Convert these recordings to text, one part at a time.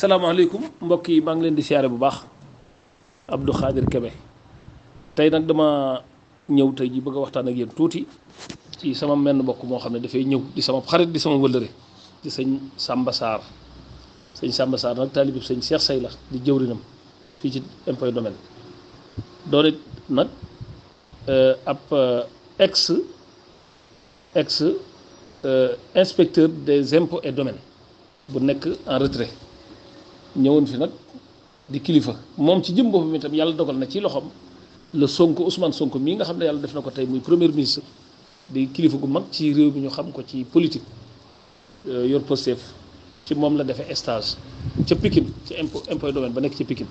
salaamaaleykum mbokk yi maa ngi leen di siyaare bu baax Abdou Khadir Kebe tey nag dama ñëw tey ji bëgg a waxtaan ak yéen tuuti ci sama menn mbokk moo xam ne dafay ñëw di sama xarit di sama wëllëre di sañ sàmba saar sëñ Samba Sarr nag taalibu sëñ Cheikh Say la di jëwrinam fii ci Impôts Domaines doon nag euh, ab euh, ex ex euh, inspecteur des impôts et domaines bu nekk en retrait ñëwoon fi nag di kilifa moom ci jëm boppam itam yàlla dogal na ci loxoom la Sonko Ousmane sonk mii nga xam ne yàlla def na ko tey muy premier ministre di kilifa gu mag ci réew mi ñu xam ko ci politique euh, yor Pastef ci moom la defee stage ca Pikine ci impôt impôt domaine ba nekk ci Pikine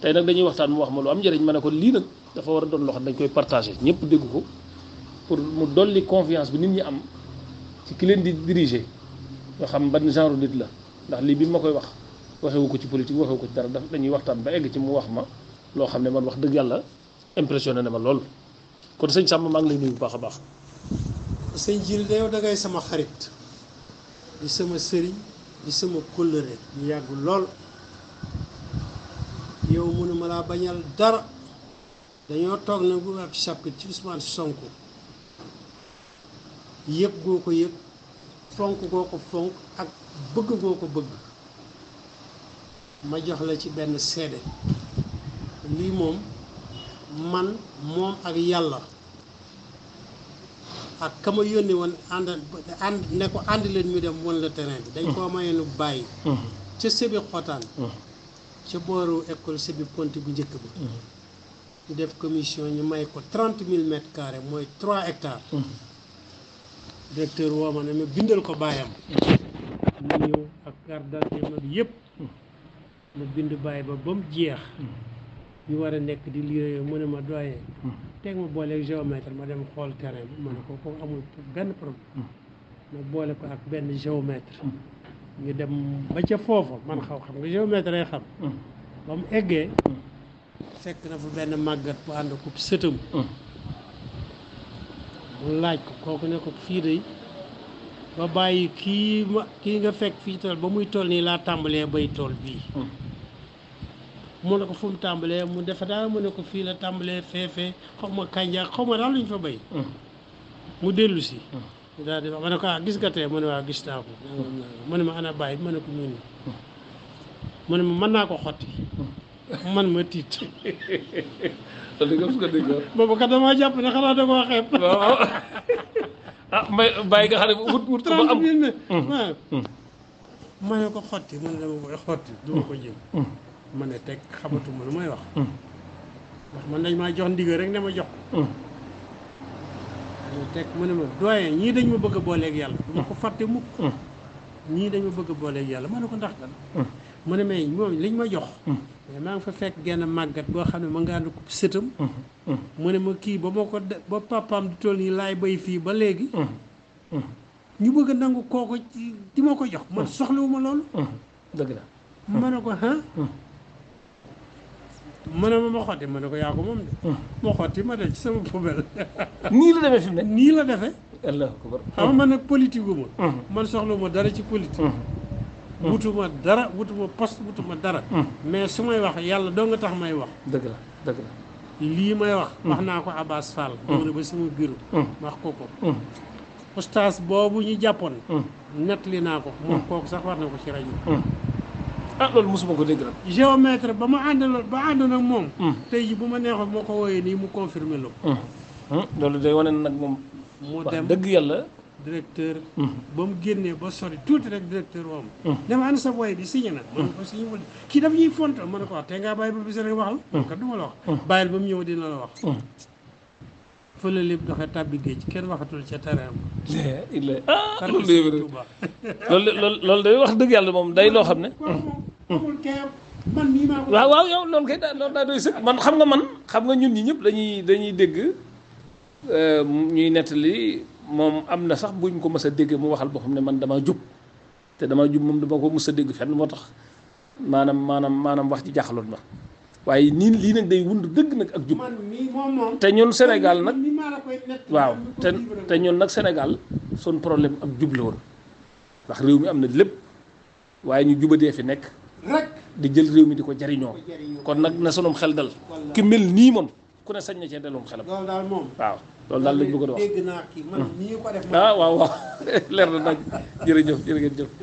tey nag dañuy waxtaan mu wax ma lu am njëriñ ma ne ko lii nag dafa war a doon loxo dañ koy partagé ñëpp dégg ko pour mu dolli confiance bi nit ñi am ci ki leen di diriger yoo xam ban genre nit la ndax lii bi ma koy wax. waxewu ko ci politique waxewu ko ci dara dafa dañuy waxtaan ba egg ci mu wax ma loo xam ne man wax dëgg yàlla impressionné na ma lool kon sëñ sàmm maa ngi lay nuyu bu baax a baax. sëñ Jili yow sama xarit di sama sëriñ di sama kóllëre ñu yàgg lool yow mënuma laa bañal dara dañoo toog nag bu ab chapitre ci Ousmane sonk yëpp goo ko yëpp fonk goo ko fonk ak bëgg goo ko bëgg. ma jox la ci benn seede lii moom man moom ak yàlla ak kama yónni woon ànd ànd ko ànd leen mu dem woon la terrain bi dañ koo mayeenu bàyyi ca sébi xotaan ca booru école sébi ponti bu njëkk ba ñu def commission ñu may ko trente mille mètres carrés mooy trois hectares directeur woo ma ne bindal ko bàyyam mu ñëw ak carte d'identité yëpp la bind bàyyi ba ba mu jeex ñu war a nekk di lire mu ne ma doyen teg ma booleeg géomètre ma dem xool tere bi ma ne ko ko benn problème boole ko ak benn géomètre ñu dem ba ca foofa man xaw xam nga géomètre ay xam ba mu eggee fekk na fa benn màggat bu ànd ko sëtam mu laaj ko kooku ne ko fii day ba bàyyi kii ma kii nga fekk fii tool ba muy tool nii laa tàmbalee bay tool bii mu ne ko mu tàmbalee mu ko fii la tàmbalee feefee xaw ma daal lu ñu fa bay hmm. hmm. ah, gis nga tey naa ko ma ko ñun hmm. mu mën naa ko xotti man ma tiit boobu kat damaa jàpp ne xanaa da koo xeeb ah may ko am waaw ma ko xotti mu ne ko jël ma ne teg xamatuma lu may wax. Hmm. ndax man dañ maa jox ndigal rek ne ma jox. Hmm. ma ne teg ma ne ma doyen ñii dañ ma bëgg a booleeg yàlla. Hmm. du ma ko fàtte mukk. ñii dañ ma bëgg a yàlla ma ne ko ndax lan. ne mais moom liñ ma jox. maa ngi fa fekk genn màggat boo xam ne ma ko sëtam. mu ne ma kii ba moo ko ba papaam di toll nii laay bay fii ba léegi. ñu bëgg nangu kooku ci di ma ko jox. man soxlawuma loolu. ma ne ko ah. ma ne ma ma xotti ma ne ko yaa ko moom de. Hmm. ma xotti ma de ci sama poubelle. nii la defee fi mu ne. nii la defee. allahu akbar xam nga man nag politique gu ma. Hmm. man soxla dara ci politique. Hmm. wutuma dara wutuma poste wutuma dara. mais sumay may wax yàlla doo nga tax may wax. dëgg la dëgg la. lii may wax. wax naa ko Abass Fall. ñëw na ba sama bureau. wax ko ko. ustaas boobu ñu jàppoon. nettali naa ko. moom kooku sax war na ko ci rajo. ah loolu mosuma ko dégg nag. géomètre ba ma àndaloon ba moom. Hmm. tey jii bu ma neexoon moo ko wooyee nii mu confirmer la ko. Hmm. Hmm. loolu day wane nag moom. mu dem dëgg yàlla. directeur. ba mu génnee ba sori tuuti rek directeur moom. dama ànd sa booy bi signé na. ma ne ko kii daf ñuy font ma ne ko wax tey ngaa bàyyi ba bis rek waxal. kat du ma la wax. bàyyil ba mu ñëw dina la wax. fële lépp dafa tàbbi géej kenn waxatul ca terrain ba. ah loolu day wax dëgg yàlla moom day loo xam ne. Hmm. amul keem man mii waaw waaw yow loolu kay loolu daa doy sëkk man xam nga man xam nga ñun ñi ñëpp dañuy dañuy dégg euh, ñuy nettali moom am na sax buñ ko mës a dégg mu waxal boo xam ne man damaa jub te dama jub moom dama ko mës a dégg fenn moo tax maanaam maanaam maanaam wax ci jaaxaloon ma waaye nii lii nag day wund dëgg nag ak jub te ñun Sénégal nag waaw te te ñun nag senegal son problème ak jub la ndax réew mi am na lépp waaye ñu dee fi nekk. di jël réew mi di ko jariñoo kon nag na sunum xel dal ki mel nii moom ku ne sañ na cee dalum xelam loolu daal moom waaw loolu daal lañ bëggoon wax dégg naa kii def ah waaw waaw leer na nag jërëjëf jërë jëf